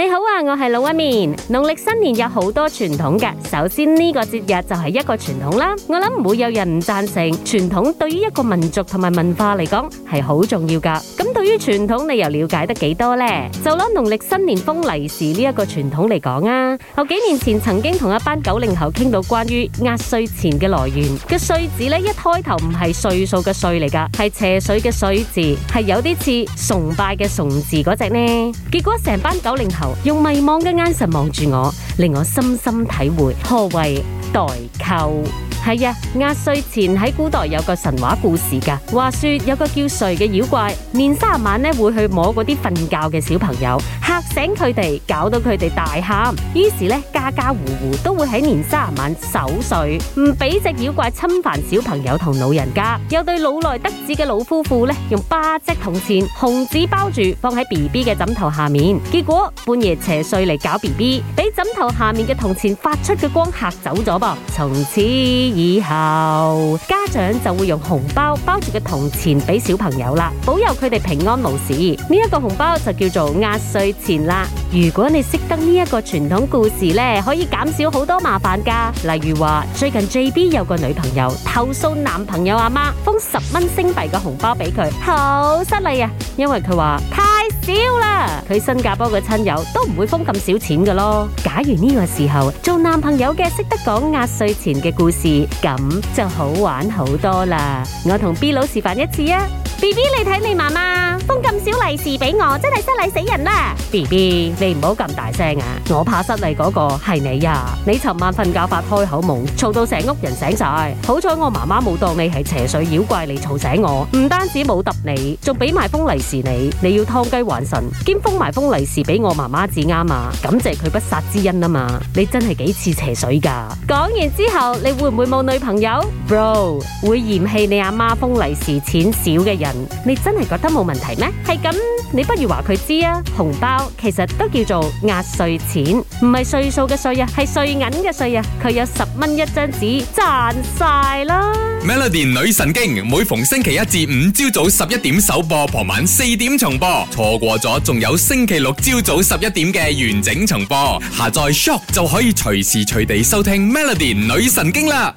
你好啊，我係老一面。農曆新年有好多傳統嘅，首先呢個節日就係一個傳統啦。我諗唔會有人唔贊成傳統，對於一個民族同埋文化嚟講係好重要噶。咁對於傳統你又了解得幾多呢？就攞農曆新年封利是呢一個傳統嚟講啊。我幾年前曾經同一班九零後傾到關於壓歲錢嘅來源，個歲字呢，一開頭唔係歲數嘅歲嚟噶，係邪祟嘅祟字，係有啲似崇拜嘅崇字嗰隻呢。結果成班九零後。用迷茫嘅眼神望住我，令我深深體會何為代溝。係啊，壓歲錢喺古代有個神話故事噶，話說有個叫祟嘅妖怪，年卅晚呢會去摸嗰啲瞓覺嘅小朋友，嚇醒佢哋，搞到佢哋大喊。於是呢，家家戶戶都會喺年卅晚守歲，唔俾隻妖怪侵犯小朋友同老人家。又對老來得子嘅老夫婦呢，用八隻銅錢紅紙包住，放喺 B B 嘅枕頭下面。結果半夜邪祟嚟搞 B B，俾枕頭下面嘅銅錢發出嘅光嚇走咗噃。從此，以後家長就會用紅包包住個銅錢俾小朋友啦，保佑佢哋平安無事。呢一個紅包就叫做壓歲錢啦。如果你識得呢一個傳統故事咧，可以減少好多麻煩噶。例如話，最近 JB 有個女朋友投訴男朋友阿媽封十蚊星幣嘅紅包俾佢，好失禮啊，因為佢話少啦，佢新加坡嘅親友都唔會封咁少錢嘅咯。假如呢個時候做男朋友嘅識得講壓歲錢嘅故事，咁就好玩好多啦。我同 B 佬示範一次啊，BB 你睇你媽媽封。小利是俾我，真係失禮死人啦！B B，你唔好咁大聲啊！我怕失禮嗰個係你呀！你尋晚瞓覺發開口夢，嘈到成屋人醒晒。好彩我媽媽冇當你係邪水妖怪嚟嘈醒我，唔單止冇揼你，仲俾埋封利是你。你要劏雞還神兼封埋封利是俾我媽媽至啱啊！感謝佢不殺之恩啊嘛！你真係幾似邪水噶？講完之後你會唔會冇女朋友？Bro，會嫌棄你阿媽封利是錢少嘅人，你真係覺得冇問題咩？係咁，你不如話佢知啊！紅包其實都叫做壓歲錢，唔係歲數嘅歲啊，係碎銀嘅碎啊。佢有十蚊一張紙，賺晒啦！Melody 女神經每逢星期一至五朝早十一點首播，傍晚四點重播。錯過咗，仲有星期六朝早十一點嘅完整重播。下載 Shock 就可以隨時隨地收聽 Melody 女神經啦！